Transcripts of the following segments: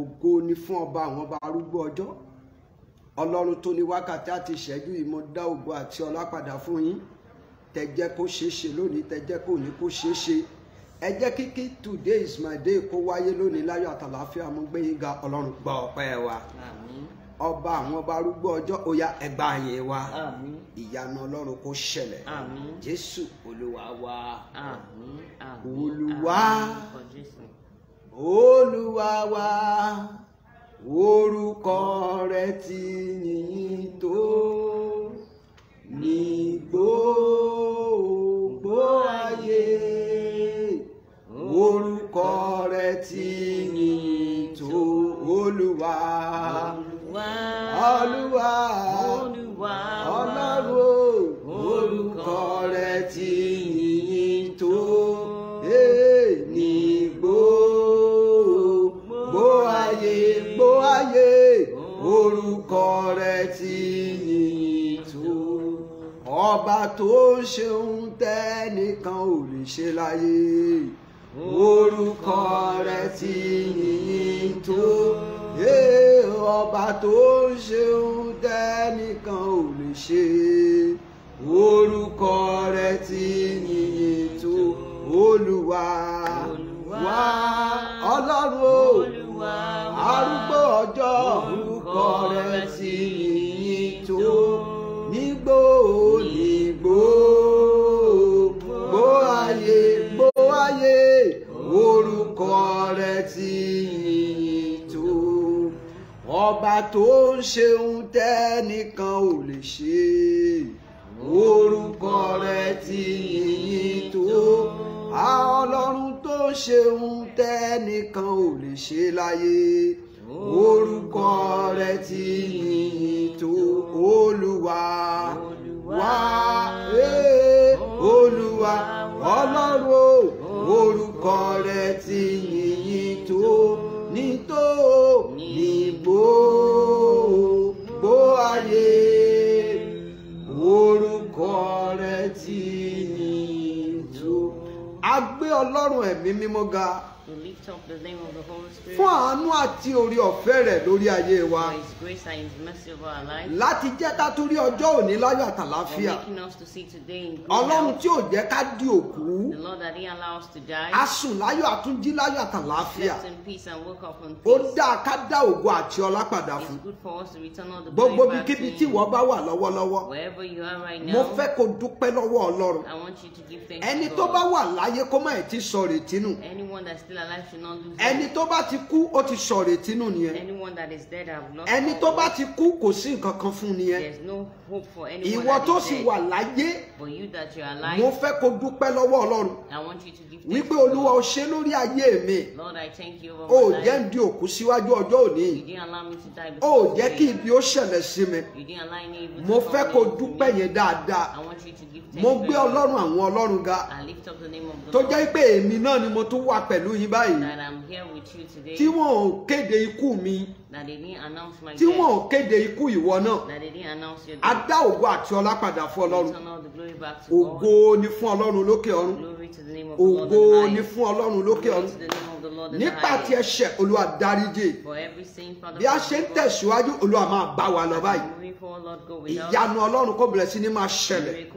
ògo ni fún ọba àwọn ọba arúgbó ọjọ́ ọlọ́run tó ní wákàtí àti ìṣẹ́jú yìí ògo àti ọlá fún yín tẹ kó ṣeé ṣe lónìí tẹ kó ní kó ṣeé ṣe ẹ jẹ́ kíkí today is my day kó wáyé lónìí láyọ̀ àtàlàáfíà mo gbé yín ga ọlọ́run gba ọpẹ́ wa ọba àwọn ọba arúgbó ọjọ́ oya ẹgbà yẹn wa ìyanu ọlọ́run kó ṣẹlẹ̀ jésù olúwa wa olúwa olúwa wa orúkọ rẹ̀ ti yìn tó ní gbogbo ayé orúkọ rẹ̀ ti yìn tó olúwa olúwa olúwa ọlọ́run. ọpẹ́ tí yìnyín tó ọba tó ṣeun tẹ́nìkan ò lè ṣe láyé orúkọ rẹ̀ tí yìnyín tó ọba tó ṣeun tẹ́nìkan ò lè ṣe orúkọ rẹ̀ tí yìnyín tó olúwa wá ọlọ́run o arúgbó ọjọ́ kọrẹ sí yìnyín tó nígbò nígbò gbó ayé gbó ayé orúkọ rẹ ti yìnyín tó ọba tó ń ṣeun tẹ́nìkan ò lè ṣe orúkọ rẹ ti yìnyín tó ọlọ́run tó ṣeun tẹ́nìkan ò lè ṣe láyé orúkọ rẹ ti yìn tó olúwa wá olúwa ọlọ́run orúkọ rẹ ti yìn tó nító níbo gbó ayé orúkọ rẹ ti yìn tó. a gbé ọlọ́run ẹ̀mí mímọ́ ga. We lift up the name of the Holy Spirit. Fún àánú àti orí ọ̀fẹ́ rẹ̀ lórí ayé wa. For his grace and his mercy over our lives. Láti jẹ́ ká tún rí ọjọ́ òní láyọ̀ àtàláfíà. For making us to see today in good health. Ọlọ́run tí ò jẹ́ ká di òkú. The Lord that didn't allow to die. A sùn láyọ̀ àtúnjí láyọ̀ àtàláfíà. Slept in peace and woke up in peace. Ó dáa ká dá ògo àti ọlá padà fún. It's good for us to return all the glory back to him. tí ìwọ bá wà lọ́wọ́lọ́wọ́. Wherever you are right now. Mo fẹ́ kó dúpẹ́ lọ́wọ́ Ọlọ́run. I want you to give thanks to God. Ẹni tó bá wà láyé kó má ẹ̀ ti sọ nù. Anyone that's still ẹni tó bá ti kú ó ti sọ̀rètí nù nìyẹn. anyone that is dead have lost. ẹni tó bá ti kú kò sí nǹkan kan fún nìyẹn. anyone that is dead. ìwọ tó sì wà láyé. but you that you are alive. mo fẹ́ kó dúpẹ́ lọ́wọ́ Ọlọ́run. I want you to give thanks. wípé Olúwa o ṣe lórí ayé mi. Lord I thank you over my life. o jẹ́ ń òkú síwájú ọjọ́ òní. you didn't allow me to die before today. o jẹ́ kí ibi ó ṣẹlẹ̀ sí mi. me mo fẹ́ kó dúpẹ́ yẹn dáadáa. I want you to give mo gbé Ọlọ́run àwọn Ọlọ́run ga. I lift up the name of the Lord. tó jẹ́ pé èmi náà ni mo tún wà pẹ̀lú yín mi báyìí tí wọn ò kéde ikú mi tí wọn ò kéde ikú ìwọ náà a dá ògo àti ọlá padà fún ọlọ́run ògo ni fún ọlọ́run lókè ọ̀run ògo ni fún ọlọ́run lókè ọ̀run nípa ti ẹ̀ṣẹ̀ olúwa dáríjì bí a ṣe ń tẹ̀síwájú olúwa máa bá wa lọ báyìí ìyanu ọlọ́run kò bẹ̀rẹ̀ sí ní máa ṣẹlẹ̀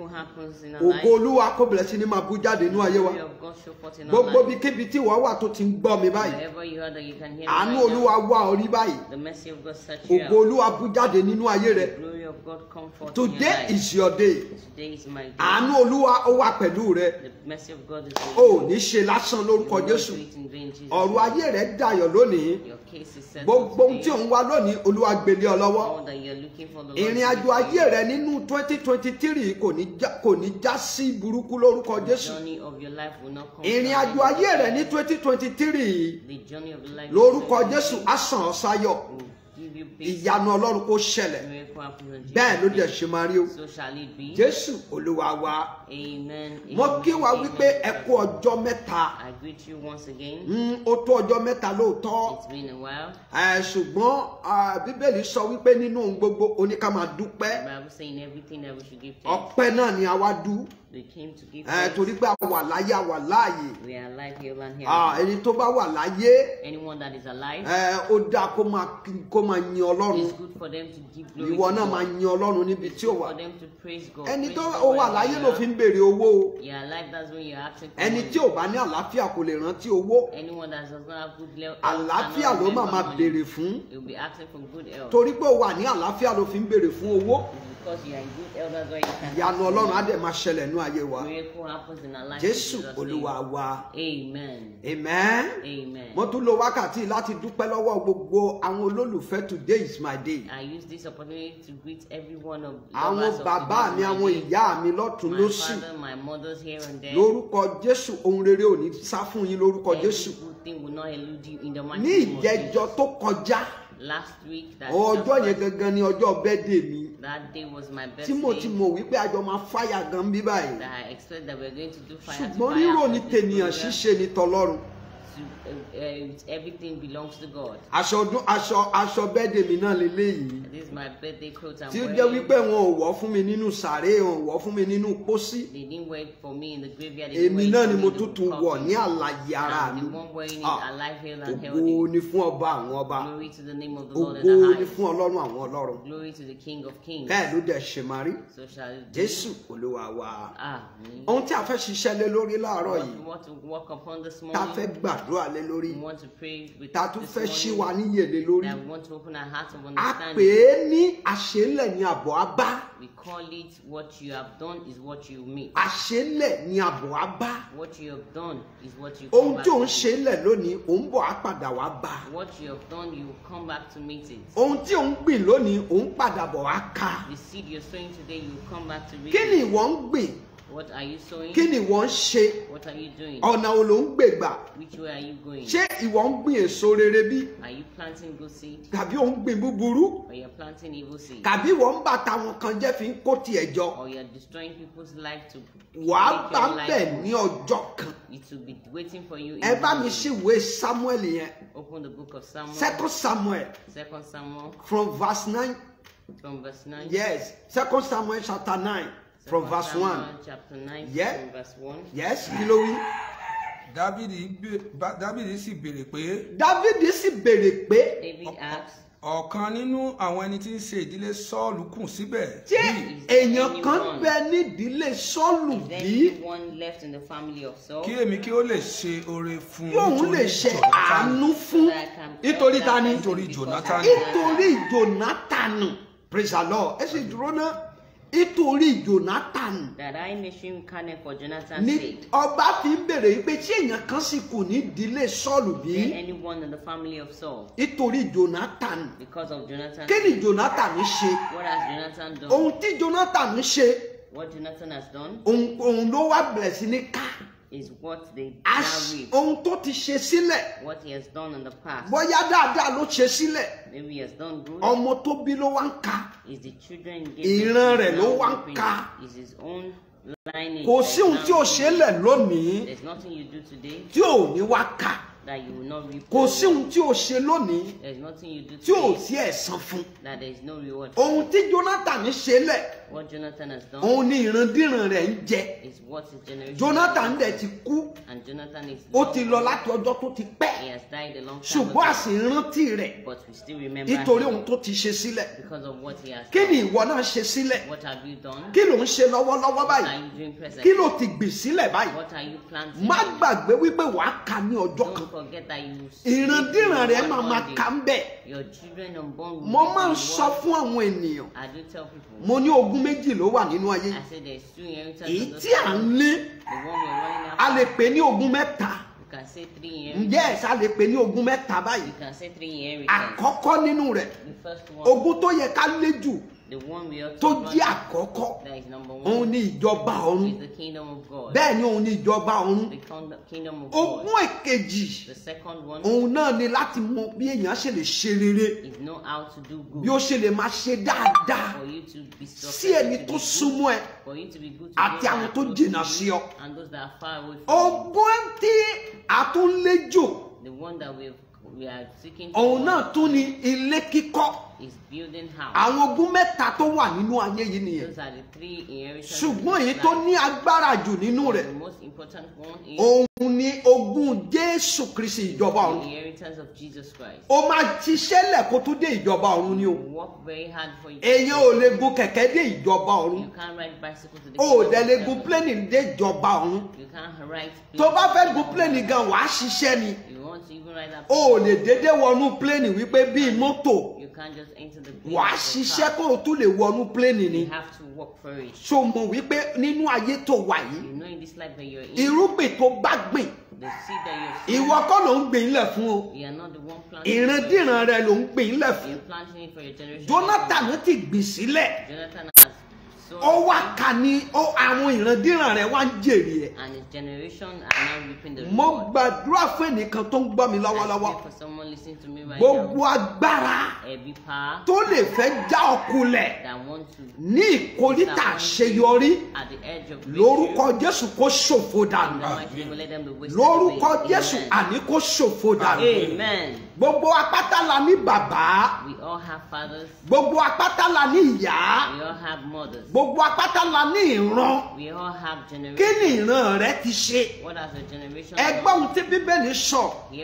ògo olúwa kò bẹ̀rẹ̀ sí ní máa bú jáde nínú ayé wa gbogbo bíkíbi tí wọ́n wà tó ti ń gbọ́ mi báyìí àánú olúwa wá ọ rí báyìí ògo olúwa bú jáde nínú ayé rẹ today is your day àánú olúwa ó wà pẹ̀lú rẹ o ò ní ṣe lásán lórúkọ jésù ọ̀rọ̀ ayé rẹ dayọ̀ lónìí gbogbo ohun tí ò wá lónìí olúwa gbélé ọ lọ́wọ́ ìrìn àjò ayé rẹ nínú twenty twenty three kò ní já sí burúkú lórúkọ jésù ìrìn àjò ayé rẹ ní twenty twenty twenty three lórúkọ Jésù á sàn ìyanu Ọlọ́run kó ṣẹlẹ̀ bẹ́ẹ̀ ló dẹ̀ ṣe máa rí o jésù olúwa wa mo kí wa wípé ẹ kú ọjọ́ mẹ́ta mm, ó tó ọjọ́ mẹ́ta lóòótọ́ ṣùgbọ́n bíbélì sọ wípé nínú ohun gbogbo ó ní ká máa dúpẹ́ ọpẹ́ náà ni a wá dú torí pé a wà láyé a wà láàyè ẹni tó bá wà láyé ó dáa kó máa yin ọlọ́run ìwọ wọn náà máa yin ọlọ́run níbi tí ó wà ẹni tó wà láyé ló fi ń béèrè owó o ẹni tí ò bá ní àlàáfíà kò lè rántí owó àlàáfíà ló máa máa béèrè fún torí pé ó wà ní àlàáfíà ló fi ń béèrè fún owó ìyanu ọlọ́run á dẹ̀ máa ṣẹlẹ̀ nú ayé wa jésù olúwa wa amen mo tún lo wákàtí láti dúpẹ́ lọ́wọ́ gbogbo àwọn olólùfẹ́ today is my day àwọn bàbá mi àwọn ìyá mi lọ́tún lósì lórúkọ jésù ohun rere ò ní sá fún yín lórúkọ jésù ní ìjẹjọ tó kọjá ọjọ́ yẹn gangan ni ọjọ́ bẹ́ẹ̀dẹ̀ mi that day was my best day. tí mo ti mọ̀ wípé àjọ máa fáyà gan bí báyìí. that I expect that we are going to do fire to fire. ṣùgbọ́n rírò ni tènìyàn ṣíṣe ni tọlọ́run. to uh, uh everything belongs to God. aṣọ ọdún aṣọ aṣọ bẹ́ẹ̀dẹ̀ mi náà lélẹ́yìí. this is my birthday clothes I'm wearing. tí ó jẹ́ wípé wọn ò wọ̀ fún mi nínú sàré wọn ò wọ̀ fún mi nínú pósí. they didn't wait for me in the graveyard. èmi náà ni mo tuntun wọ̀ ní àlàyé ara ah, mi. I'm the one wearing it ah, alive hale and healthy. ògo ni fún ọba àwọn ọba. glory to the name of the Lord and I. ògo ni fún ọlọ́run àwọn ọlọ́run. glory to the king of kings. bẹ́ẹ̀ ló dẹ̀ ṣe máa rí. so shall it be. jésù olúwa wa. ohun tí a fẹ́ ṣiṣẹ́ lé lórí láàárọ̀ yìí. what to work upon this morning. ta fẹ́ gbàdúrà lé lé lórí ta tún fẹ́ ṣí wa níyè lé lórí a pè é ní àṣélẹ̀ ni àbọ̀ á bá àṣélẹ̀ ni àbọ̀ á bá ohun tí òun ṣe lẹ̀ lónìí òun bọ̀ á padà wá bá ohun tí òun gbìn lónìí òun padà bọ̀ á ká kí ni ìwọ ń gbìn. What are you sowing? Kí ni wọ́n ṣe? What are you doing? Ọ̀nà wo ló ń gbègbà? Which way are you going? Ṣé ìwọ ń gbìn èso rere bí? Are you planting good seed? Tàbí ò ń gbìn búburú? you planting evil seed? Tàbí ìwọ ń bá tàwọn kan jẹ́ fi ń kó tiẹ̀ jọ? you destroying people's life to make your life Wàá bá bẹ̀ ní ọjọ́ kan. It will be waiting for you. Ẹ bá mi ṣí ìwé Samuel yẹn. Open the book of Samuel. Second Samuel. Second Samuel. From verse nine. From verse nine. Yes, Second Samuel chapter nine from verse one. chapter nine yeah. from verse one. yes kí ló wí. dávidi sì béèrè pé. dávidi sì béèrè pé. david asked ọ̀kan nínú àwọn ẹni tí ń ṣe ìdílé sọ́ọ̀lù kù síbẹ̀. ṣé èèyàn kan bẹ nídìílé sọ́ọ̀lù bí? kí èmi kí ó lè ṣe oore fún un. yóò lè ṣe àánú fún nítorí ta ni. nítorí Jonathan. nítorí Jonathan praise the Lord ẹ sì dúró náà nítorí jonathan. that I nation kane for jonathan sake. ni ọba fi ń bèrè yìí pé ṣé èèyàn kan sì kù ní ìdílé sọ́ọ̀lù bí. anyone in the family of Saul. nítorí jonathan. because of jonathan. kí ni jonathan ṣe. what has jonathan done. ohun tí jonathan ṣe. what jonathan has done. ló wá bẹ̀rẹ̀ sí ní ká is what they now reap. ohun tó ti ṣe sílẹ̀. what he has done in the past. bóyá dáadáa ló ṣe sílẹ̀. maybe he has done good. ọmọ tó bí ló wá ń ka. is the children given. ìran rẹ̀ ló wá ń ka. is his own lineage. kò sí ohun tí o ṣe lẹ̀ lónìí. there is nothing you do today. tí ò ní wá ka. that you will not reap. kò sí ohun tí o ṣe lónìí. there is nothing you do today. tí ò sí ẹ̀san fún. that there is no reward. ohun tí Jonathan ṣe lẹ̀. What Jonathan has done. Òun ni ìrandíran rẹ̀ ń jẹ. Is what Jonathan dẹ̀ ti kú. And Jonathan is. Ó ti lọ láti ọjọ́ tó ti pẹ́. a long time Ṣùgbọ́n a rẹ̀. But we still remember him. Nítorí ohun tó ti ṣe sílẹ̀. Because of what he has done. Kí ni ìwọ náà ṣe sílẹ̀? What have you done? Kí ló ń ṣe lọ́wọ́lọ́wọ́ báyìí? What are you doing present? Kí ló ti gbìn sílẹ̀ báyìí? What are you planting? Má gbàgbé wípé wàá kà ní ọjọ́ kan. Don't forget that you. Ìrandíran rẹ̀ máa máa kà ń bẹ̀. Your children are born with mo máa ń sọ fún àwọn ènìyàn mo ní ogún méjì ló wà nínú ayé èyí tí à ń lé a lè pè ní ogún mẹ́ta yes a lè pè ní ogún mẹ́ta báyìí àkọ́kọ́ nínú rẹ̀ ogún tó yẹ ká lé jù tó jẹ́ àkọ́kọ́ òun ni ìjọba ọ̀run bẹ́ẹ̀ ni òun ni ìjọba ọ̀run ogún èkejì òun náà ni láti mọ bí èèyàn ṣe lè ṣe rere bí ó ṣe lè máa ṣe dáadáa sí ẹni tó súnmọ́ ẹ àti àwọn tó jìnnà sí ọ ogún tí a tún lé jò. The one that will we are seeking. òun náà tún ni ilé kíkọ́. is building house. àwọn ogún mẹ́ta tó wà nínú ayé yìí nìyẹn. those are the three inheritance. ṣùgbọ́n èyí tó ní agbára jù nínú rẹ̀. most important one is. òun ni ogún Jésù Kristi ìjọba ọ̀run. the inheritance of Jesus Christ. o máa ṣiṣẹ́ lẹ̀ kó tó dé ìjọba ọ̀run ni o. you work very hard for your. èyàn ò lè gun kẹ̀kẹ́ dé ìjọba ọ̀run. you can't ride bicycle to the. o ò dẹ̀ lè gun pléènì dé ìjọba ọ̀run. you can't ride. tó bá fẹ́ gun pléènì gan wàá ṣiṣẹ́ ni want to even ride that plane. o lè dédé wọnú pléènì wípé bíi mọ́tò. you can't just enter the plane. wàá ṣiṣẹ́ kó o tún lè wọnú pléènì ni. have to work for it. so mo wípé nínú ayé tó wà yìí. you know in this life that you're in. irúgbìn tó bá gbìn. the that you're sowing. ìwọ kọ́ ló ń gbìn ilẹ̀ fún o. not the one planting. ìrandíran rẹ ló ń gbìn ilẹ̀ fún. planting it for your generation. Jonathan ti gbìn sílẹ̀. Jonathan has ó wá kà ní àwọn ìrandíran rẹ̀ wá ń jèrè ẹ̀. and generation are now reaping the reward. mo gbàdúrà fún ẹnìkan tó ń gbọ́ mi lọ́wọ́lọ́wọ́. I pray for someone listening to me right now. gbogbo agbára tó lè fẹ́ já ọkùnlẹ̀ ní ìkórìtà àṣeyọrí lórúkọ Jésù kó ṣòfò dànù lórúkọ Jésù àní kó ṣòfò dànù. amen. Gbogbo apáta la ní bàbá. We all have fathers. Gbogbo apáta la ní ìyá. We all have mothers. Gbogbo apáta la ní ìran. We all have generations. Kí ni ìran rẹ ti ṣe? What has your generation done? Ẹ gbọ́ ohun tí Bíbélì sọ.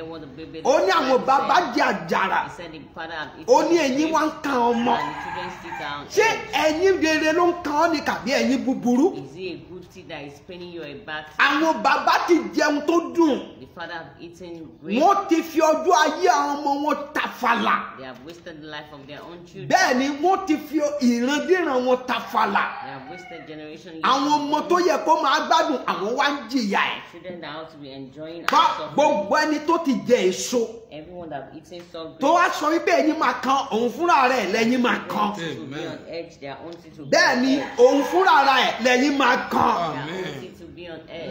what the Bible says. Ó ní àwọn bàbá di àjàrà. the father had eaten. Ó ní ẹ̀yin wá ń kan ọmọ. And the children still down. Ṣé ẹ̀yin rere ló ń kan ọ́ ni kàbí ẹ̀yin búburú? Is it a good thing is paining you a bad thing? Àwọn bàbá ti jẹun tó dùn. The father had eaten great. Wọ́n ti fi ọjọ́ ayé àwọn ọmọ wọn tàfàlà. they have wasted the life of their own children. bẹ́ẹ̀ ni wọ́n ti fi ìrandíran wọn tàfàlà. they have wasted generation years. àwọn ọmọ tó yẹ kó máa gbádùn àwọn wá ń jìyà ẹ̀. children that ought to be enjoying and suffering. gbogbo ẹni tó ti jẹ èso. everyone that have eaten soft drink. tó wá sọ wípé ẹ̀yin máa kan òun fúnra rẹ̀ lẹ́yìn máa kan. bẹ́ẹ̀ ni òun fúnra rẹ̀ lẹ́yìn máa kan.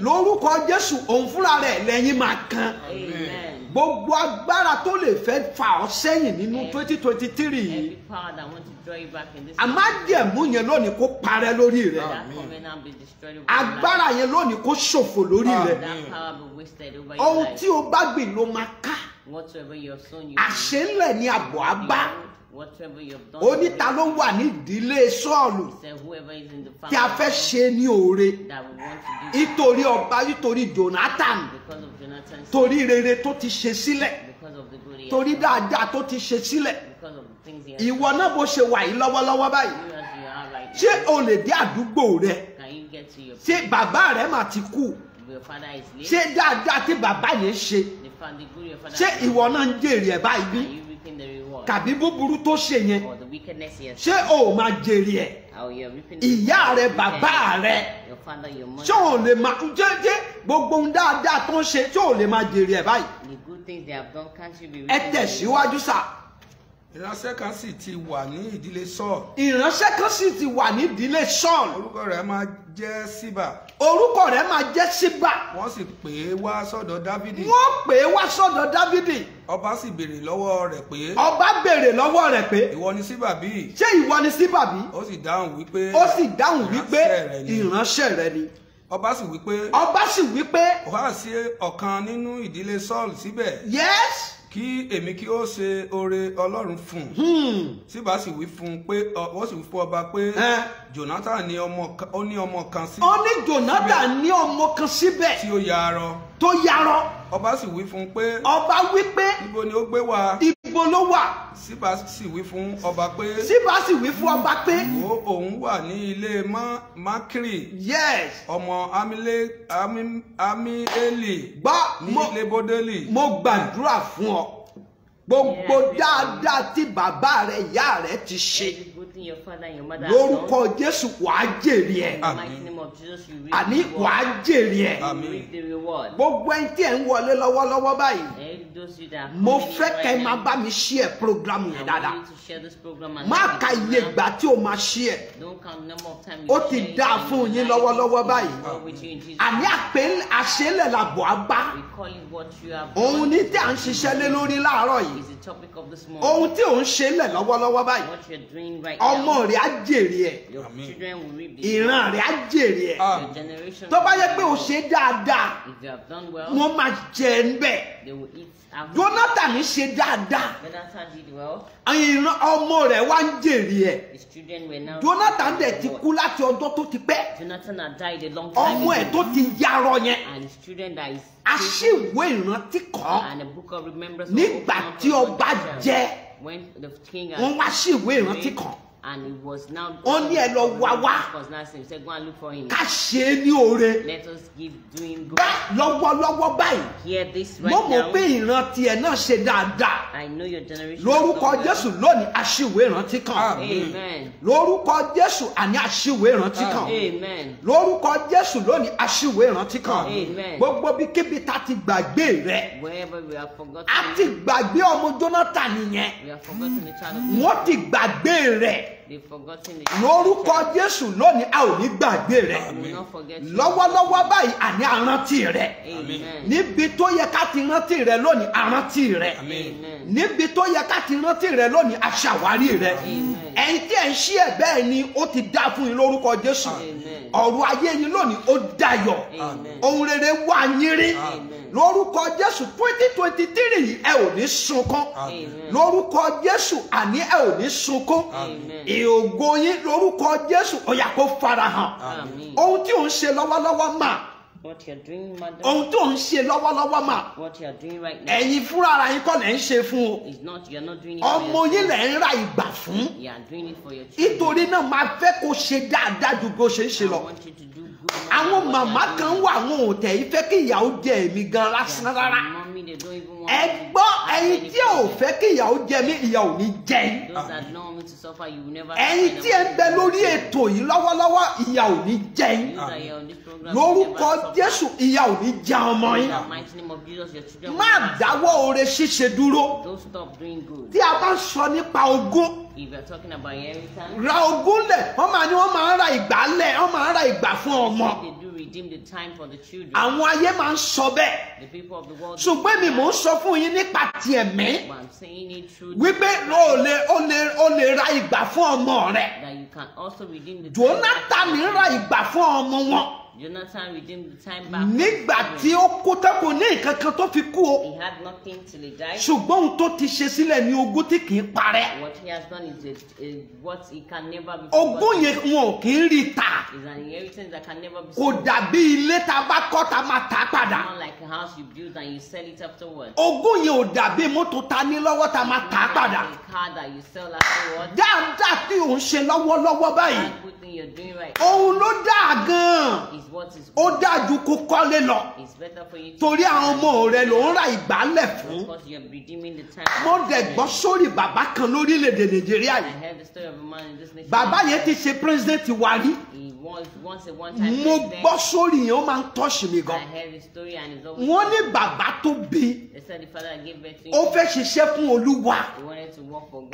lórúkọ Jésù òun fúnra rẹ̀ lẹ́yìn máa kan. amen. amen gbogbo agbára tó lè fẹ́ fà ọ́ sẹ́yìn nínú twenty twenty three àmàdìẹ̀mú yẹn lónìí kó parẹ́ lórí rẹ̀ agbára yẹn lónìí kó ṣòfò lórí rẹ̀ ohun tí o bá gbìn ló máa ká àṣẹ ńlẹ̀ ni àbọ̀ á bá ó ní ta ló wà ní ìdílé Sọ́ọ̀lù tí a fẹ́ ṣe ní oore nítorí ọba nítorí Jonathan torí rere tó ti ṣe sílẹ̀ torí dáadáa tó ti ṣe sílẹ̀ ìwọ náà bó ṣe wà yìí lọ́wọ́lọ́wọ́ báyìí ṣé o lè dé àdúgbò rẹ ṣé bàbá rẹ mà ti kú ṣé dáadáa tí bàbá yẹn ṣe ṣé ìwọ náà ń jèrè ẹ̀ báyìí bí kàbí búburú tó ṣe yẹn ṣé o máa jèrè ẹ̀ ìyá rẹ bàbá rẹ ṣé o lè máa jẹ́jẹ́ gbogbo ohun dáadáa tó ń ṣe ṣé o lè máa jèrè ẹ̀ báyìí ẹ tẹ̀síwájú sá. ìránṣẹ́ kan sì ti wà ní ìdílé Sọ́ọ̀lù. ìránṣẹ́ kan sì ti wà ní ìdílé Sọ́ọ̀lù. orúkọ rẹ̀ máa jẹ́ Síbà orúkọ rẹ̀ máa jẹ́ síbà. wọ́n sì pè é wá sọ́dọ̀ dávidi. wọ́n pè é wá sọ́dọ̀ dávidi. ọba sì béèrè lọ́wọ́ rẹ̀ pé. ọba béèrè lọ́wọ́ rẹ̀ pé. ìwọ ni síbà bí. ṣé ìwọ ni síbà bí. ó sì dáhùn wípé. ó sì dáhùn wípé ìránṣẹ́ rẹ ni ọba sì wípé. ọba sì wípé. ó há sí ọ̀kan nínú ìdílé Saul síbẹ̀. yes kí èmi kí ó ṣe oore ọlọ́run fún un síbà hmm. sì wí fún un pé wọ́n sì wí fún ọba pé Jonathan ní ọmọ kan síbẹ̀. ó ní Jonathan ní ọmọ kan síbẹ̀. tí ó yarọ. tó yarọ. ọba sì wí fún un pé. ọba wí pé. ibo ni ó gbé wá. ibo ló wà. síbà sì wí fún ọba pé. síbà sì wí fún ọba pé. ó òun wà ní ilé makiri. yes. ọmọ amieli. gbọ́ mo ní lebodeli. mo gbàdúrà fún ọ gbogbo dáadáa tí bàbá rẹ ìyá rẹ ti ṣe including your father and your mother. lórúkọ jésù wàá jèrè ẹ. Jesus you reap the reward. àní wàá jèrè ẹ. you reap the reward. gbogbo ẹni tí ẹ ń wọlé lọ́wọ́lọ́wọ́ báyìí. mo fẹ́ kẹ́ ẹ máa bá mi ṣí ẹ programu yẹn dáadáa. má ka iye ìgbà tí o máa ṣí ẹ. ó ti dáa fún yín lọ́wọ́lọ́wọ́ báyìí. àní àpè àṣẹlẹ̀ làbọ̀ á bá. òun ni tí à ń ṣiṣẹ́ lé lórí láàárọ̀ yìí. ohun tí ò ń ṣe lẹ̀ lọ́wọ́lọ́wọ́ báyìí ọmọ rẹ á jèrè ẹ ìran rẹ á jèrè ẹ ah. tó bá yẹ pé o ṣe dáadáa wọn máa jẹ ẹ nbẹ Jonathan ṣe dáadáa ìran ọmọ rẹ wá ń jèrè ẹ Jonathan dẹ̀ ti kú láti ọjọ́ tó ti pẹ́ ọmọ ẹ̀ tó ti yarọ yẹn aṣèwé ìrántí kan nígbà tí ọba jẹ wọ́n wá sí ìwé ìrántí kan and he was now. ó ní ẹ lọ wá wá. was now same say go and look for him. ká ṣe é ní oore. let us give doing good. bá lọ́wọ́lọ́wọ́ báyìí. hear this right now. mo mọ̀ pé ìran tiẹ̀ náà ṣe dáadáa. I know your generation. lórúkọ Jésù lónìí aṣíwèé ìrántí kan. amen. lórúkọ Jésù àní aṣíwèé ìrántí kan. amen. lórúkọ Jésù lónìí aṣíwèé ìrántí kan. amen. gbogbo bí kíbi ta ti gbàgbé rẹ. wherever we have forgotten. a ti gbàgbé ọmọ Jonathan yẹn. we have forgotten the child of God. wọ́n ti gbàgbé rẹ lórúkọ jésù lónìí a ò ní gbàgbé rẹ lọ́wọ́lọ́wọ́ báyìí àní àrántí rẹ níbi tó yẹ ká ti rántí rẹ lónìí àrántí rẹ níbi tó yẹ ká ti rántí rẹ lónìí aṣàwárí rẹ ẹ̀yin tí ẹ ń ṣí ẹ bẹ́ẹ̀ ni ó ti dá fún yín lórúkọ jésù ọ̀rọ̀ ayé yín lónìí ó dayọ̀ ohun rere wà yín lórúkọ jésù twenty twenty three yìí ẹ ò ní sunkún lórúkọ jésù àní ẹ ò ní sunkún ìògo yín lórúkọ jésù ó yá kó farahàn ohun tí ò ń ṣe lọ́wọ́lọ́wọ́ máa ohun tó ń ṣe lọ́wọ́lọ́wọ́ mà ẹ̀yin fúnra ara yín kọ́ lẹ̀ ń ṣe fún o ọmọ yín lẹ̀ ń ra ìgbà fún nítorí náà máa fẹ́ kó ṣe dáadáa ju bó ṣe ń ṣe lọ àwọn màmá kan wà wọn ò tẹ̀ ìfẹ́ kí ìyàwó jẹ èmi gan lásán rárá ẹ gbọ́ ẹ̀yin tí ò fẹ́ kí ìyà ó jẹ mí ìyà ò ní jẹ yín ẹ̀yin tí ẹ ń bẹ lórí ètò yìí lọ́wọ́lọ́wọ́ ìyà ò ní jẹ yín lórúkọ Jésù ìyà ò ní jẹ ọmọ yín má dáwọ́ oore ṣíṣe dúró tí a bá ń sọ nípa ogún ra ogún lẹ̀ wọ́n máa ní wọ́n máa ń ra ìgbà lẹ̀ wọ́n máa ń ra ìgbà fún ọmọ redeem the time for the children. Àwọn ayé máa ń sọ bẹ́ẹ̀. The people of the world. Ṣùgbọ́n èmi mò ń sọ fún yín nípa ti ẹ̀mí. But I'm saying it through. Wípé o lè o lè o lè ra ìgbà fún ọmọ rẹ. That you can also redeem the time. Jonathan ra ìgbà fún ọmọ wọn. Jonathan redeemed the time back. Nígbà tí ó kú tán ní nǹkan kan tó fi kú o. He had nothing till he died. Ṣùgbọ́n ohun tó ti ṣe sílẹ̀ ni ogún tí kì í parẹ́. What he has done is, a, is what he can never be. Ogún yẹn wọn ò kì í rí tà. Is an inheritance that can never be. Kò dàbí ilé tá a bá kọ́ tá máa tà padà. Not like a house you build and you sell it afterwards. Ogún yẹn ò dàbí mọ́tò ta ní lọ́wọ́ tá a máa tà padà. Not like a car that you sell afterwards. Dáadáa tí ò ń ṣe lọ́wọ́lọ́wọ́ báyìí. That good thing you're doing right now. Òun ló dáa gan-an ó dájú kó kọ́lé lọ torí àwọn ọmọ rẹ ló ń ra ìgbálẹ̀ fún mo dẹ̀ gbọ́ sórí bàbá kan lórílẹ̀‐èdè nàìjíríà yìí bàbá yẹn ti ṣe pírẹsidẹ́ǹtì wa rí mo gbọ́ sórí yẹn ó máa ń tọ́ṣì mi gan wọ́n ní bàbá tó bí ó fẹ́ ṣiṣẹ́ fún olúwa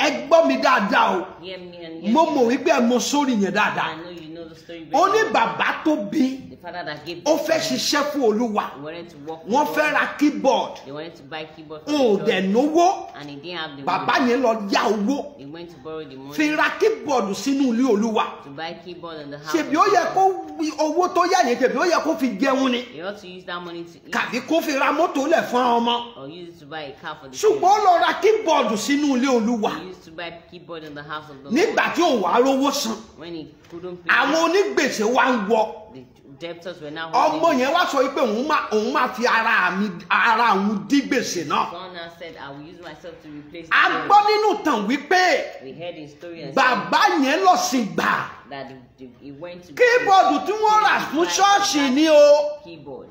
ẹ gbọ́ mi dáadáa o mo mọ̀ wípé ẹ mọ̀ sórí yẹn dáadáa ó ní bàbá tó bí ó fẹ́ ṣiṣẹ́ fún olúwa wọ́n fẹ́ ra keyboard òun dẹ̀ náwó bàbá yẹn lọ yá owó fi ra keyboard sínú ilé olúwa ṣèbí ó yẹ kó owó tó yá yẹn ṣèbí ó yẹ kó fi jẹun ni kàbí kó fi ra mọ́tò lẹ̀ fún ọmọ ṣùgbọ́n ó lọ ra keyboard sínú ilé olúwa nígbà tí òun wà á rówó san àwọn onígbèsè wa ń wọ debtors were now. ọmọ yẹn wá sọ pé òun máa òun máa fi ara mi ara òun dí gbèsè náà. son said I will use myself to replace. a gbọ́ nínú tàn wípé. we heard his story and. bàbá yẹn lọ sí gbà. that he, he went to. keyboard tí wọ́n rà fún ṣọ́ọ̀ṣì ni o. keyboard.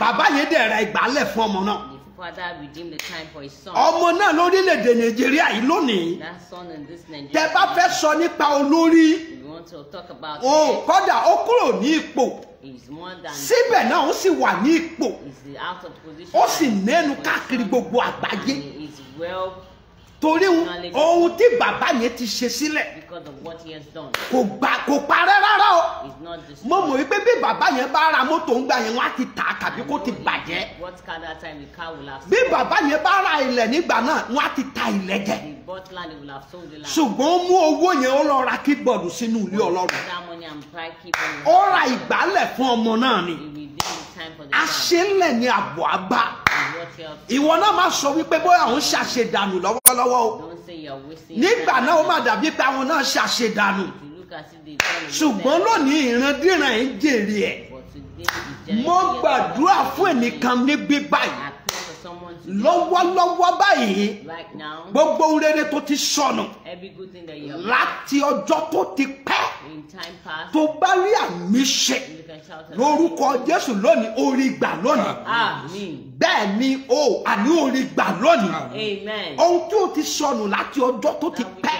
bàbá yẹn dẹ̀ ra ìgbálẹ̀ fún ọmọ náà. father redeemed the time for his son. ọmọ náà lórílẹ̀‐èdè nàìjíríà yìí lónìí. that son in this Nigeria. tẹ bá fẹ́ sọ nípa olórí want to talk about. o oh, kọ́dà ó kúrò ní ipò síbẹ̀ náà ó sì wà ní ipò ó sì nẹ́nu káàkiri gbogbo àgbáyé torí ohun tí bàbá yẹn ti ṣe sílẹ̀ kò gbà kò parẹ́ rárá o mo mọ̀ wípé bí bàbá yẹn bá ra mọ́tò ń gbà yẹn wọ́n á ti tà á kàbí kó ti bàjẹ́ bí bàbá yẹn bá ra ilẹ̀ nígbà náà wọ́n ti ta ilẹ̀ jẹ bought land, he would have sold the land. Ṣùgbọ́n ó mú owó yẹn ó lọ ra keyboard sínú ilé Ọlọ́run. That money and buy keyboard. Ó ra ìgbálẹ̀ fún ọmọ náà ni. He will give you time for Aṣẹ́lẹ̀ ni àbọ̀ àbá. Ìwọ náà máa sọ wípé bóyá òun ṣàṣedànù lọ́wọ́lọ́wọ́ o. Nígbà náà ó máa dàbí pé àwọn náà ṣàṣedànù. Ṣùgbọ́n lónìí ìrandíran ẹ̀ ń jèrè ẹ̀. Mo gbàdúrà fún ẹnìkan ní bíbáyìí lọ́wọ́lọ́wọ́ báyìí gbogbo rere tó ti sọnù láti ọjọ́ tó ti pẹ́ tó bá rí àmì ṣe lórúkọ Jésù lónìí orí gbà lónìí bẹ́ẹ̀ ni o àní orí gbà lónìí ohun tí o ti sọnù láti ọjọ́ tó ti pẹ́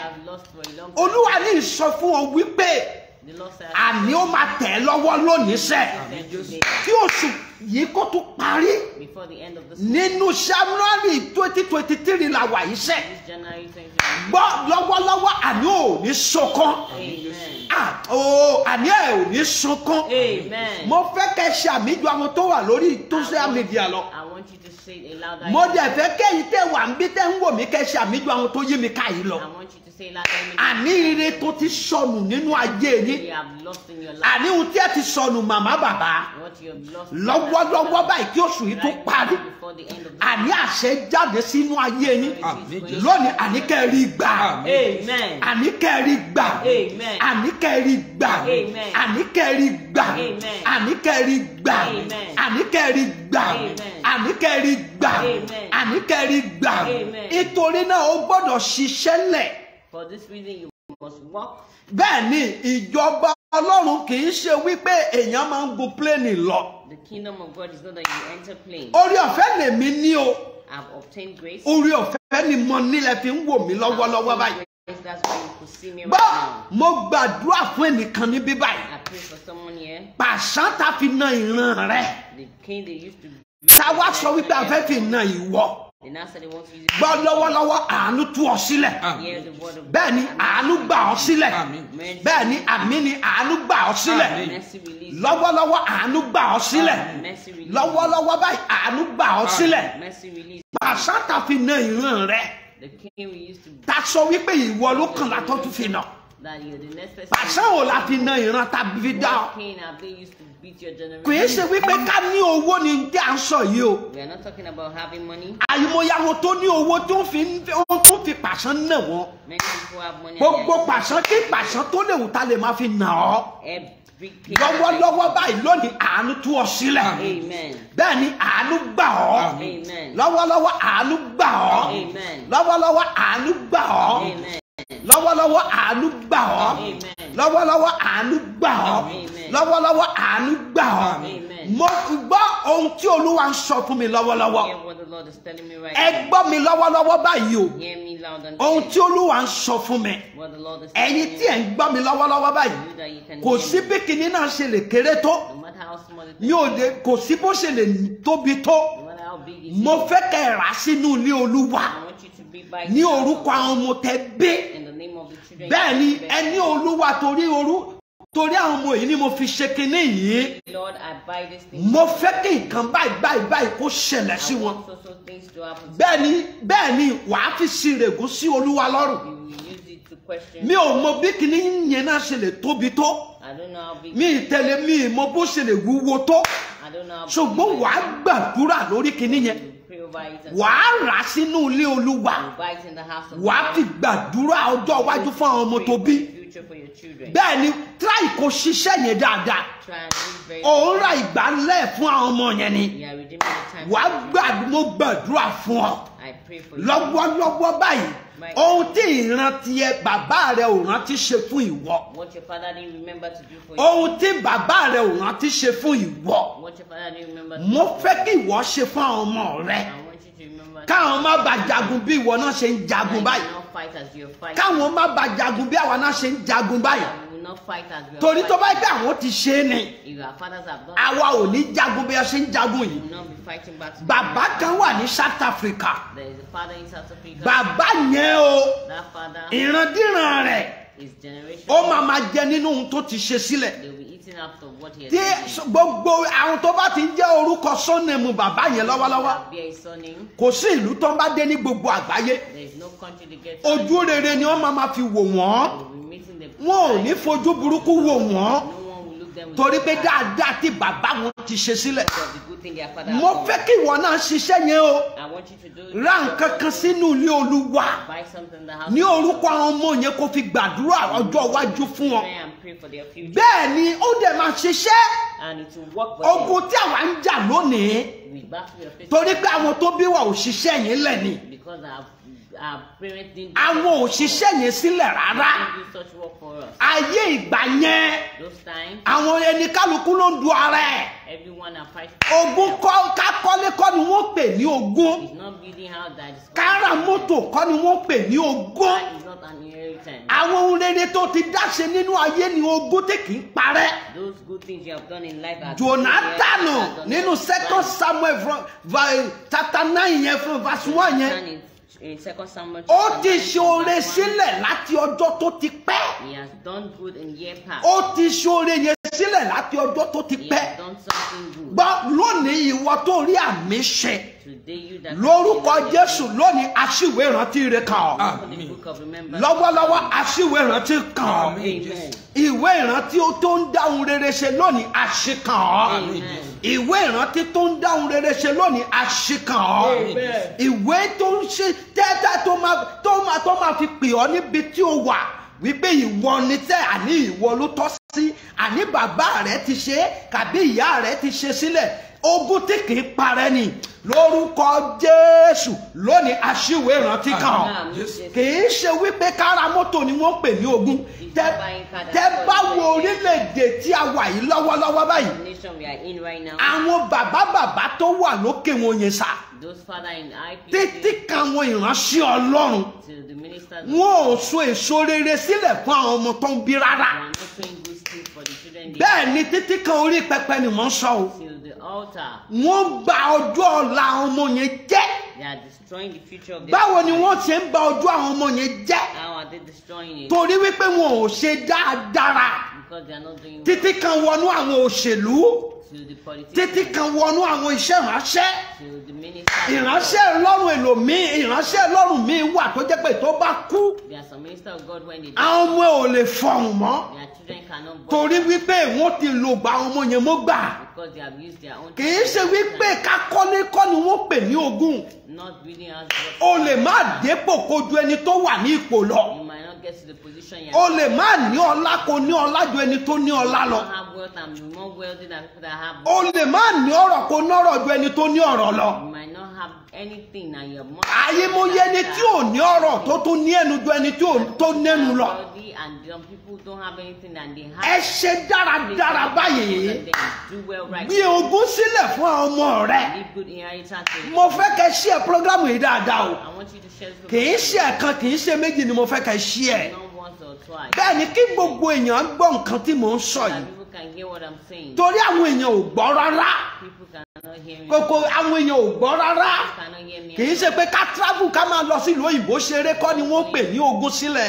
olúwa ní ìsọ fún ọ wípé àní ó máa tẹ̀ lọ́wọ́ lónìí sẹ́ tí o sùn yìí kó tó parí nínú january twenty twenty three la wà yìí sẹ́ gbọ́ lọ́wọ́lọ́wọ́ àní ò ní sọkán àní ẹ̀ ò ní sọkán mo fẹ́ kẹ́ ṣe àmìjọ àwọn tó wà lórí social media lọ mo dẹ̀ fẹ́ kẹ́yìn tẹ́ wà ń bí tẹ́ ń wò mí kẹ́ ṣe àmìjọ àwọn tó yí mi ká yìí lọ. I want you to àní ire tó ti sọnù nínú ayé yín àní ohun tí ẹ ti sọnù màmá bàbá lọ́wọ́lọ́wọ́ báyìí kí oṣù yìí tó parí àní àṣẹ jáde sínú ayé yín lónìí àní kẹrí gbà àní kẹrí gbà àní kẹrí gbà àní kẹrí gbà àní kẹrí gbà àní kẹrí gbà àní kẹrí gbà àní kẹrí gbà nítorí náà ó gbọ́dọ̀ ṣiṣẹ́ lẹ̀. For this reason you must walk. Bẹ́ẹ̀ ni ìjọba Ọlọ́run kì í ṣe wípé èèyàn máa ń gun pléènì lọ. The kingdom of God is not that you enter plane. Orí ọ̀fẹ́ lèmi ní o. I have obtained grace. Orí ọ̀fẹ́ ni mo nílẹ̀ fi ń wò mí lọ́wọ́lọ́wọ́ báyìí. Yes, that's why you could me right now. Mo gbàdúrà fún ẹnìkan níbí báyìí. I pray for someone here. Pàṣán ta fi na ìran rẹ̀. The king they used to. Táwa sọ wípé a fẹ́ fi na ìwọ gbọ́ lọ́wọ́lọ́wọ́ àánú tú ọ sílẹ̀ ah. bẹ́ẹ̀ ni àánú gbà ọ sílẹ̀ bẹ́ẹ̀ ni àmì ni àánú gbà ọ sílẹ̀ lọ́wọ́lọ́wọ́ àánú gbà ọ sílẹ̀ lọ́wọ́lọ́wọ́ báyìí àánú gbà ọ sílẹ̀ pàṣẹ àtàfin náà ìran rẹ ta sọ wípé ìwọ ló kàn látọ́ tún fi nà pàṣẹ wo la fi na ìran tàbí fi dá ọ beat your generation. kò yẹ ṣe wípé ká ní owó ni dé à ń sọ yìí o. we are not talking about having money. àìmọye àwọn tó ní owó tó fi ń tún fi pàṣán nà wọ́n. many people have money. gbogbo pàṣán kí pàṣán tó lè wù ta lè máa fi nà ọ́. lọ́wọ́lọ́wọ́ báyìí lónìí àánú tú ọ sílẹ̀. bẹ́ẹ̀ ni àánú gbà ọ́. lọ́wọ́lọ́wọ́ àánú gbà ọ́. lọ́wọ́lọ́wọ́ àánú gbà ọ́ lọ́wọ́lọ́wọ́ àánú gbà ọ́ lọ́wọ́lọ́wọ́ àánú gbà ọ́ lọ́wọ́lọ́wọ́ àánú gbà ọ́ mi mo gbọ́ ohun tí olúwa ń sọ fún mi lọ́wọ́lọ́wọ́ ẹ gbọ́ mi lọ́wọ́lọ́wọ́ báyìí o ohun tí olúwa ń sọ fún mi ẹ̀yin tí ẹ̀ ń gbọ́ mi lọ́wọ́lọ́wọ́ báyìí kò sí bí kinní náà ṣe lè kéré tó kò sí bó ṣe lè tóbi tó mo fẹ́ kẹ́ ẹ̀ rà sínú ilé olúwa ní orúkọ àwọn ọmọ tẹ gbé bẹ́ẹ̀ ni ẹni olúwa torí orú torí àwọn ọmọ yìí ni mo fi ṣe kinní yìí. Lord, I buy this thing. mo fẹ́ kí nǹkan báyìí báyìí báyìí kó ṣẹlẹ̀ sí wọn. bẹ́ẹ̀ni bẹ́ẹ̀ni wàá fi ṣìrègùn sí olúwa lọ́rùn. mi ò mọ bí kinní yẹn náà ṣe lè tóbi tó. mi ìtẹ̀lé mi ìmọ̀ bó ṣe lè wúwo tó. ṣùgbọ́n wàá gbàdúrà lórí kinní yẹn wàá rà sínú ilé olúwa wàá fi gbàdúrà ọjọ́ iwájú fún àwọn ọmọ tó bí bẹ́ẹ̀ try kò ṣiṣẹ́ yẹn dáadáa òun ra ìgbálẹ̀ fún àwọn ọmọ yẹn ni wà á gbà mo gbàdúrà fún ọ lọ́wọ́lọ́wọ́ báyìí ohun tí ìrántí ẹ bàbá rẹ ò rántí ṣe fún ìwọ ohun tí bàbá rẹ ò rántí ṣe fún ìwọ mo fẹ́ kí ìwọ ṣe fún àwọn ọmọ rẹ káwọn má bàa jagun bí ìwọ náà ṣe ń jagun báyìí fight as you fight. káwọn má ba jagun bí àwa náà ṣe ń jagun báyìí. you will not fight as we are fighting. torí tó bá gbé àwọn ti ṣe é ni. your fathers have done. àwa ò ní jagun bí a ṣe ń jagun yìí. you will not be fighting back to. bàbá kan wà ní south africa. there is a father in south africa. bàbá yẹn o. that father. ìrandíran rẹ̀. his generation. ó máa ma jẹ nínú ohun tó ti ṣe sílẹ̀. they will be eating up what he has been doing. gbogbo àwọn tó bá ti ń jẹ́ orúkọ sọ́nẹ̀mù bàbá yẹn lọ́wọ́lọ́wọ́. kò sí ìlú tó ń bá dé ní gbogbo àgbáyé ojú rere ni wọ́n máa fi wò wọ́n wọn ò ní fojú burúkú wò wọ́n torí pé dáadáa tí bàbá wọn ti ṣe sílẹ̀ mo fẹ́ kí ìwọ náà ṣiṣẹ́ yẹn o ra nǹkan kan sínú ilé olúwa ní orúkọ àwọn ọmọ yẹn kó fi gbàdúrà ọjọ́ iwájú fún wọn bẹ́ẹ̀ ni ó dẹ̀ máa ṣiṣẹ́ ogun tí àwa ń jà lónìí torí pé àwọn tó bí wa ò ṣiṣẹ́ yẹn lẹ̀ ni àwọn òṣìṣẹ́ yẹn sílẹ̀ rárá ayé ìgbà yẹn àwọn ẹni kálukú ló ń du ara ẹ̀ ogún kakọ́lé kọ́ ni wọ́n pè ní ogún kára mọ́tò kọ́ ni wọ́n pè ní ogún àwọn ohun rere tó ti dáṣe nínú ayé ni ogún tí kì í parẹ́ Jonathan nínú second Samuel chapter nine yẹn verse one yẹn in second Samuel. ó ti ṣoore sílẹ̀ láti ọjọ́ tó ti pẹ́. he has done good in year past. ó ti ṣoore yẹn sílẹ̀ láti ọjọ́ tó ti pẹ́. he has done something good. gbọ́ lónìí ìwọ tó rí àmì ṣe. today you that. lórúkọ Jésù lónìí aṣíwèé ìrántí rẹ kàn ọ́. lọ́wọ́lọ́wọ́ aṣíwèé ìrántí kàn ọ́. ìwé ìrántí tó ń dáhùn rere ṣe lónìí aṣíkàn ọ́ ìwé ìrántí tó ń dáhùn rere ṣe lónìí àṣekàn ọ ìwé tó ń ṣe tẹ́tẹ́ tó máa tó máa fi pè ọ́ níbi tí o wà wípé ìwọ ni tẹ́ àní ìwọ ló tọ́ sí àní bàbá rẹ ti ṣe é kàbí ìyá rẹ ti ṣe sílẹ̀ ogún tí kì í parẹ́ ni lórúkọ jésù lónìí aṣíwò ìrántí kan kì í ṣe wípé kára mọ́tò ni wọ́n pè ní ogún tẹ bá wo orílẹ̀-èdè tí a wà yìí lọ́wọ́lọ́wọ́ báyìí àwọn bàbá bàbá tó wà lókè wọn yẹn sá títí kan wọn ìránṣẹ́ ọlọ́run wọn ò so èso rere sílẹ̀ fún àwọn ọmọ tó ń bí rárá bẹ́ẹ̀ ni títí kan orí pẹpẹ ni mò sọ o wọ́n bà ọjọ́ ọ̀la ọmọ yẹn jẹ́. They are destroying the future of Báwo ni wọ́n ṣe ń bà ọjọ́ àwọn ọmọ yẹn jẹ́? Torí wípé wọn ò ṣe dáadáa títí kan wọnú àwọn òṣèlú títí kan wọnú àwọn iṣẹ́ ìránṣẹ́ ìránṣẹ́ Ọlọ́run èlò mi ìránṣẹ́ Ọlọ́run mi wà tó jẹ́ pé tó bá kú àwọn ọmọ ò lè fọhùn mọ́ torí wípé wọ́n ti lò gba àwọn ọmọ yẹn mọ́ gbà kì ṣe wípé kakọ́lé kọ́ ni wọ́n pè ní ogún o lè má dépò kojú ẹni tó wà ní ipò lọ get to the position you are. o lè ọlá kó ní ọlá ju ẹni tó ní ọlá lọ. have wealth and more wealthy than people that have. o lè má ní ọrọ̀ kó ní ọrọ̀ ju ẹni tó ní ọrọ̀ lọ. might not have anything and your money. ayé mo yẹ ẹni tí ò ní ọrọ̀ tó tún ní ẹnu ju ẹni tó nẹnu lọ. and some people don't have anything and they have. ẹ ṣe dáradára báyìí. bí ogún sílẹ̀ fún àwọn ọmọ rẹ. mo fẹ́ kẹ́ ṣí ẹ programu yìí dáadáa o. kì í ṣe ẹ̀kan kì í ṣe méjì ni mo fẹ́ kẹ́ ṣí ẹ bẹ́ẹ̀ bẹ́ẹ̀ ni kí gbogbo èèyàn gbọ́ nǹkan tí mò ń sọ yìí torí àwọn èèyàn ò gbọ́ rárá kókó àwọn èèyàn ò gbọ́ rárá kì í ṣe pé ká travel ká máa lọ sílùú òyìnbó ṣeré kọ́ ni wọ́n pè ní ogún sílẹ̀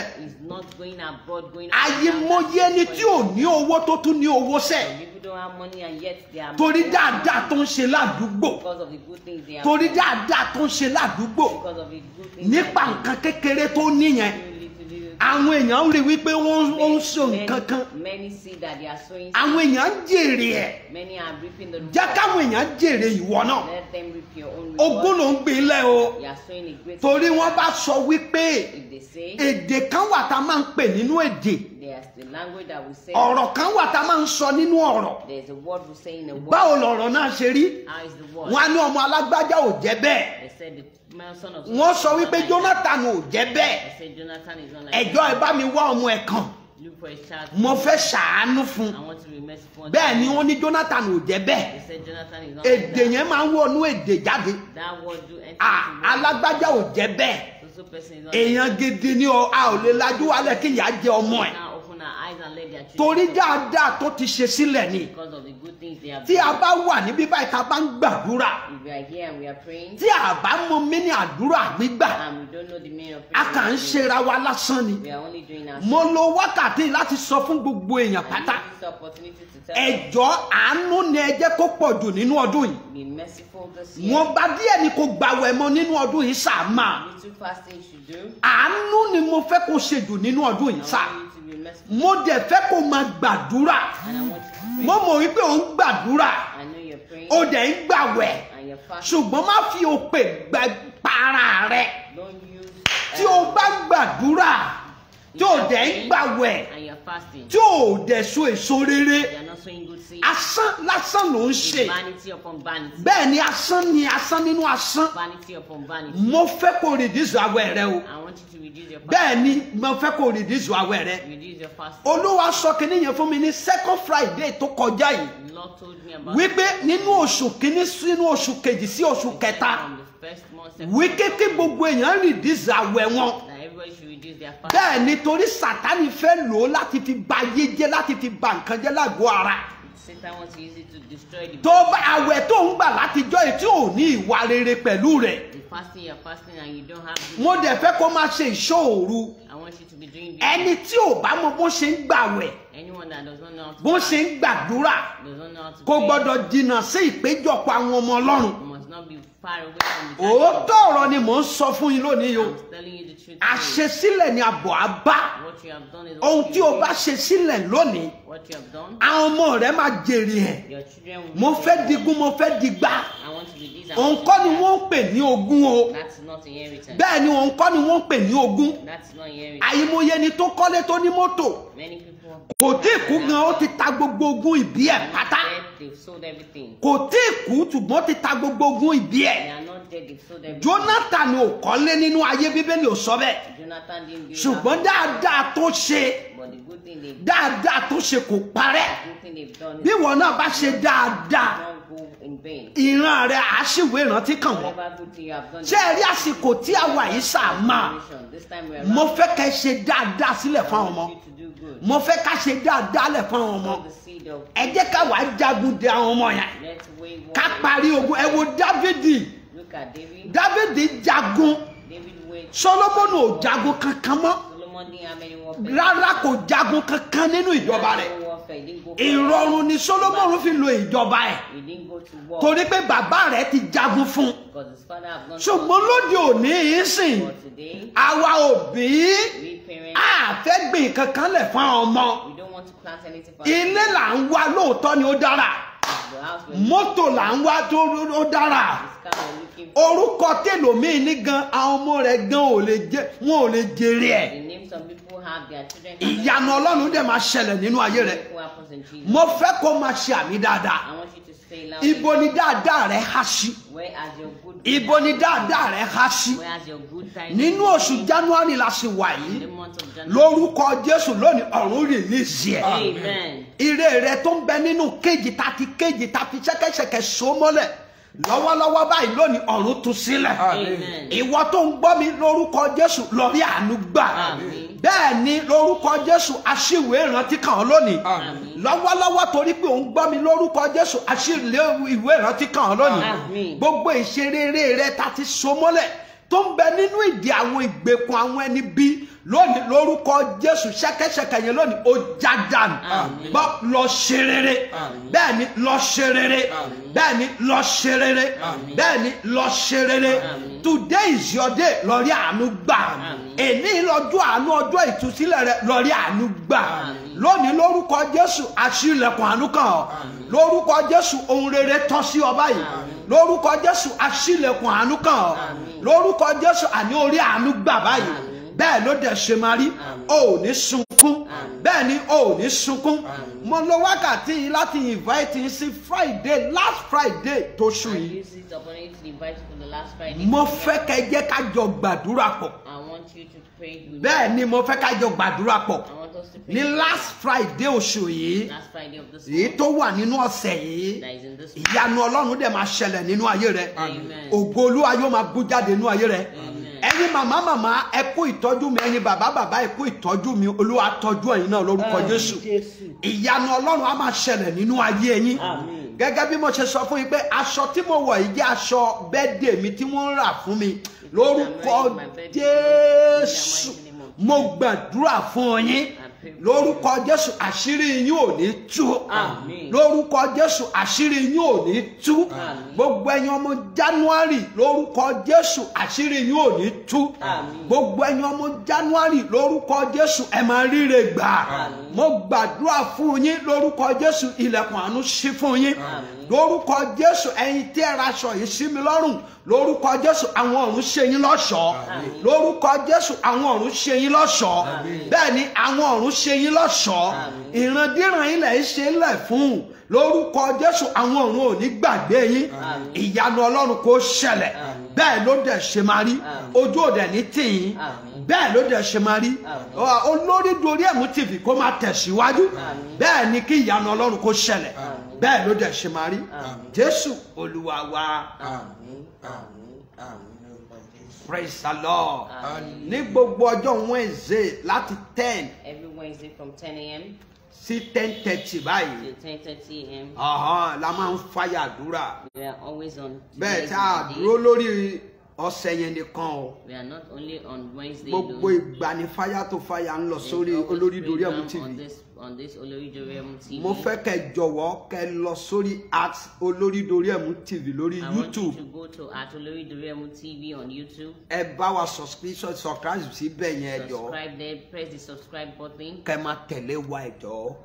àyèmọye ni tí ò ní owó tó tún ní owó sẹ̀ torí dáadáa tó ń ṣe ládùúgbò torí dáadáa tó ń ṣe ládùúgbò nípa nǹkan kékeré tó níyẹn àwọn èèyàn ń rí wípé wọ́n ń so nǹkan kan àwọn èèyàn ń jèrè ẹ̀ jẹ́ káwọn èèyàn jèrè ìwọ náà ogún ló ń gbé lẹ́ o torí wọ́n bá sọ wípé èdè kan wà tá a máa ń pè nínú èdè ọ̀rọ̀ kan wà tá a máa ń sọ nínú ọ̀rọ̀ báwo lọ̀rọ̀ náà ṣe rí wọn á ní ọmọ alágbájá ò jẹ́ bẹ́ẹ̀ wọ́n sọ wípé Jonathan ò jẹ́ bẹ́ẹ̀ ẹjọ́ ẹ bá mi wá ọmọ ẹ̀ kan mo fẹ́ ṣàánú fún bẹ́ẹ̀ ni wọ́n ní Jonathan ò jẹ́ bẹ́ẹ̀ èdè yẹn máa ń wọnú èdè jáde ah, alágbájá ò jẹ́ bẹ́ẹ̀ èèyàn gidi ni ọ a ò lè lajú wálẹ̀ kí ìyá jẹ ọmọ ẹ̀ torí dáadáa tó ti ṣe sílẹ̀ ni tí a bá wà níbí báyìí tá a bá ń gbàdúrà tí a bá mọ mẹ́ni àdúrà gbígbà a kà ń ṣera wa lásán ni mo lo wákàtí láti sọ fún gbogbo èèyàn pátá ẹjọ́ àánú ni ẹ jẹ́ kó pọ̀ jù nínú ọdún yìí wọ́n bá díẹ̀ ni kò gbàwẹ̀ mọ́ nínú ọdún yìí sáà máa àánú ni mo fẹ́ kó ṣe jù nínú ọdún yìí sáà mo dẹ̀ fẹ́ kó máa gbàdúrà mo mọ̀ wípé ò ń gbàdúrà o dẹ̀ ń gbàwẹ̀ ṣùgbọ́n má fi òpè gba para rẹ tí o bá gbàdúrà uh, tí o dẹ̀ ń gbàwẹ̀ tí o dẹ̀ so èso rere asán lásán ló ń ṣe bẹ́ẹ̀ ni asán ni asán nínú asán mo fẹ́ kó rìdíìsù àwẹ̀ rẹ o bẹ́ẹ̀ ni mo fẹ́ kó rìdíìsù àwẹ̀ rẹ olúwa sọ kínní yẹn fún mi ní second friday tó kọjá yìí wípé nínú oṣù kínní sínú oṣù kejì sí oṣù kẹta wípé kí gbogbo èèyàn rìdíìsù àwẹ̀ wọn bẹ́ẹ̀ ni torí sàtánì fẹ́ lò ó láti fi ba ayé jẹ́ láti fi ba nǹkan jẹ́ lágọ̀ọ́ ara. Satan wants to use it to destroy the. tó bá àwẹ̀ tó ń gbà látijọ́ yìí tí ò ní ìwà rere pẹ̀lú rẹ̀. fasting you are fasting and you don't have. mo dẹ̀ fẹ́ kó máa ṣe ìṣọ́ I want you to be doing this. ẹni tí ò bá mọ bó ṣe ń gbàwẹ̀. anyone that does not know how to. bó ṣe ń gbàdúrà. does not know how to pray. kò gbọ́dọ̀ jìnnà sí ìpéjọpọ̀ àwọn ọmọ Ọlọ́run. must not be òótọ́ ọ̀rọ̀ ni mò ń sọ fún yín lónìí o àṣesílẹ̀ ni àbọ̀ á bá ohun tí o bá ṣe sílẹ̀ lónìí ọmọ rẹ máa jèrè ẹ̀ mo fẹ́ digun mo fẹ́ digba. òun ni wọ́n ń pè ní ogún o bẹ́ẹ̀ ni òun ni wọ́n ń pè ní ogún àyìnbóye ni tó kọ́lé tó ní mọ́tò kò tí ì kú gan ó ti ta gbogbo ogún ìbí ẹ̀ pátá kò tí ì kú ṣùgbọ́n ti ta gbogbo ogun ìbí ẹ̀ Jonathan ò kọ́lé nínú ayé bíbélì ò sọ bẹ́ẹ̀ ṣùgbọ́n dáadáa tó ṣe dáadáa tó ṣe kò parẹ́ bí wọn náà bá ṣe dáadáa ìran rẹ àṣìwé ìrántí kàn wọ́n ṣé ẹ rí àsìkò tí àwa yìí ṣàmà mo fẹ́ ká ṣe dáadáa sílẹ̀ fún àwọn ọmọ mo fẹ́ ká ṣe dáadáa lẹ̀ fún àwọn ọmọ ẹ jẹ́ ká wàá jagun de àwọn ọmọ yẹn ká parí ogun ẹ wo dávidi dávidi jagun solomoni ò jagun kankan mọ́ rárá kò jagun kankan nínú ìjọba rẹ̀ ìrọ̀rùn ni solomoni fi lo ìjọba ẹ̀ torí pé bàbá rẹ̀ ti jagun fún un ṣùgbọ́n lóde òní ìsìn àwa òbí àfẹ́gbìn kankan lẹ̀ fún àwọn ọmọ to plant anything for us. ilé là ń wá lóòótọ́ ni ó dára mọ́tò là ń wá tó ó dára orúkọ tẹlòmíín ní gan àwọn ọmọ rẹ̀ gan ò lè jẹ wọn ò lè jèrè ẹ̀ ìyanu ọlọ́run dẹ̀ máa ṣẹlẹ̀ nínú ayé rẹ̀ mo fẹ́ kó máa ṣe àmì dáadáa Ibo ni dáadáa rẹ há sí? Ibo ni dáadáa rẹ há sí? Nínú oṣù January la ṣe wà yìí. Lórúkọ Jésù lónìí ọ̀run rìlíìsì ẹ̀. Ire rẹ tó ń bẹ nínú kéjì tàti kéjì tàti ṣẹ́kẹ́ṣẹkẹ̀ so mọ́lẹ̀ lọ́wọ́lọ́wọ́ báyìí lónìí ọ̀run tú sílẹ̀ ìwọ tó ń gbọ́ mi lórúkọ Jésù lórí àánú gbà bẹ́ẹ̀ ni lórúkọ Jésù aṣíwèé ìrántí kàn án lónìí lọ́wọ́lọ́wọ́ torí pé òun gbọ́ mi lórúkọ Jésù àṣírí ìwé ìrántí kan lónìí gbogbo ìṣeré rẹ ta ti so mọ́lẹ̀ tó ń bẹ nínú ìdí àwọn ìgbèkùn àwọn ẹni bí lónìí lórúkọ jésù ṣẹ̀kẹ̀ṣẹ̀kẹ̀ yẹn lónìí ó já dànù bọ lọ ṣe rere bẹ́ẹ̀ ni lọ ṣe rere bẹ́ẹ̀ ni lọ ṣe rere bẹ́ẹ̀ ni lọ ṣe rere today is your day lọ rí àánú gbà èní lọ́jọ́ àánú ọjọ́ ìtúsílẹ̀ rẹ lọ rí àánú gbà lónìí lórúkọ jésù àṣìlẹ̀kùn àánú kàn ọ́ lórúkọ jésù ohun rere tán sí ọ báyìí lórúkọ jésù àṣìlẹ̀kùn àánú kàn ọ́ lórúkọ Jésù àní orí àánú gbà báyìí bẹ́ẹ̀ ló dẹ̀ ṣe máa rí o sunkún bẹ́ẹ̀ ni o sunkún mo lo wákàtí yìí láti invite yín sí Friday last Friday tó ṣù yìí mo fẹ́ kẹ́ jẹ́ ká jọ gbàdúrà pọ̀ bẹ́ẹ̀ ni mo fẹ́ ká jọ gbàdúrà pọ̀ ní last friday oṣù yìí èyí tó wà nínú ọ̀sẹ̀ yìí ìyanu ọlọ́run dẹ̀ máa ṣẹlẹ̀ nínú ayé rẹ ògo olúwa yóò máa bú jáde nínú ayé rẹ ẹyin màmá màmá ẹ ìtọ́jú mi ẹyin bàbá bàbá ẹ ìtọ́jú mi olúwa tọ́jú ẹ̀yin náà lórúkọ jésù ìyanu ọlọ́run á máa ṣẹlẹ̀ nínú ayé yín gẹ́gẹ́ bí mo ṣe sọ fún yín pé aṣọ tí mo wọ̀ yìí jẹ́ aṣọ bẹ́ẹ̀dẹ̀ mi tí wọ́n ń rà fún mi lórúkọ jésù mo gbàdúrà fún yín lórúkọ jésù àṣírí yín ò ní tú lórúkọ jésù àṣírí yín ò ní tú gbogbo ẹ̀yin ọmọ january lórúkọ jésù àṣírí yín ò ní tú gbogbo ẹ̀yin ọmọ january lórúkọ jésù ẹ máa ríre gbà mo gbàdúrà fún yín lórúkọ jésù ilẹ̀kùn àánú ṣí fún yín lórúkọ jésù ẹ̀yin tí ẹ raṣọ yìí sí mi lọ́rùn lórúkọ jésù àwọn ọ̀run ṣe yín lọ́ṣọ̀ọ́ lórúkọ jésù àwọn ọ̀run ṣe yín lọ́ṣọ̀ọ́ bẹ́ẹ̀ ni àwọn ọ̀run ṣe yín lọ́ṣọ̀ọ́ ìrandíran yín lẹ̀ ń ṣe lẹ̀ fún lórúkọ Jésù àwọn ọ̀run ò ní gbàgbé yín ìyanu Ọlọ́run kò ṣẹlẹ̀ bẹ́ẹ̀ ló dẹ̀ ṣe máa rí ojú òdẹ ní tìyín bẹ́ẹ̀ ló dẹ̀ ṣe máa rí olórí dorí ẹ̀mú tv kó máa tẹ̀síwájú bẹ́ẹ̀ ni kí ìyanu Ọlọ́run kó ṣẹlẹ̀ bẹ́ẹ̀ ló dẹ̀ ṣe máa rí Jésù Olúwa wa. Àmín. Àmín. Àmín praise the lord. ní gbogbo ọjọ́ wednesday láti ten. every wednesday from ten a.m. sí ten thirty báyìí. till ten thirty a.m. la máa ń fàyà àdúrà. we are always on. bẹ́ẹ̀ tá a dúró lórí ọ̀sẹ̀ yẹn nìkan o. we are not only on wednesday alone. gbogbo ìgbà ni fire to fire ń lọ sórí olórí dorí ọmọ tv on this Oloridoreemu TV. mo fẹ́ kẹ́ jọ̀wọ́ kẹ́ lọ sórí at Oloridoreemu TV lórí YouTube. I want you to go to at olori Oloridoreemu TV on YouTube. ẹ bá wa subscription subscribe síbẹ̀ yẹn ẹ jọ. subscribe there press the subscribe button. kẹ́ ma tẹ̀lé wa ẹ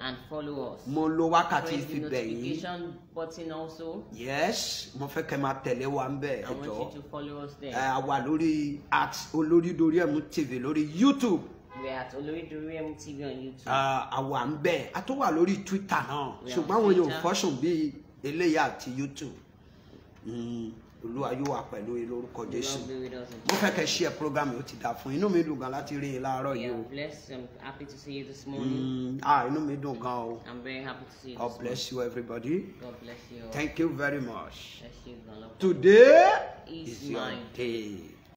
and follow us. mo lo wákàtí fi bẹ̀ yín. press the notification button also. yes mo fẹ́ kẹ́ ma tẹ̀lé wa ń bẹ̀ ẹ I want you to follow us there. ẹ wà lórí at Oloridoreemu TV lórí YouTube we're at Olórídùúró MTV on YouTube. àwa ń bẹ a tó wà lórí Twitter náà ṣùgbọ́n àwọn yóò fọ́sùn bíi eléyà àti YouTube hmm, olúwa yóò wà pẹ̀lú yín lórúkọ jésù mo fẹ́ kẹ́ ṣe ẹ̀ program yìí ó ti dà fún inú mi dùn gan láti rí i láàárọ̀ yìí o hmm, ah inú mi dùn gan o I'm very happy to see you God bless you everybody God bless you thank you very much today is, my day.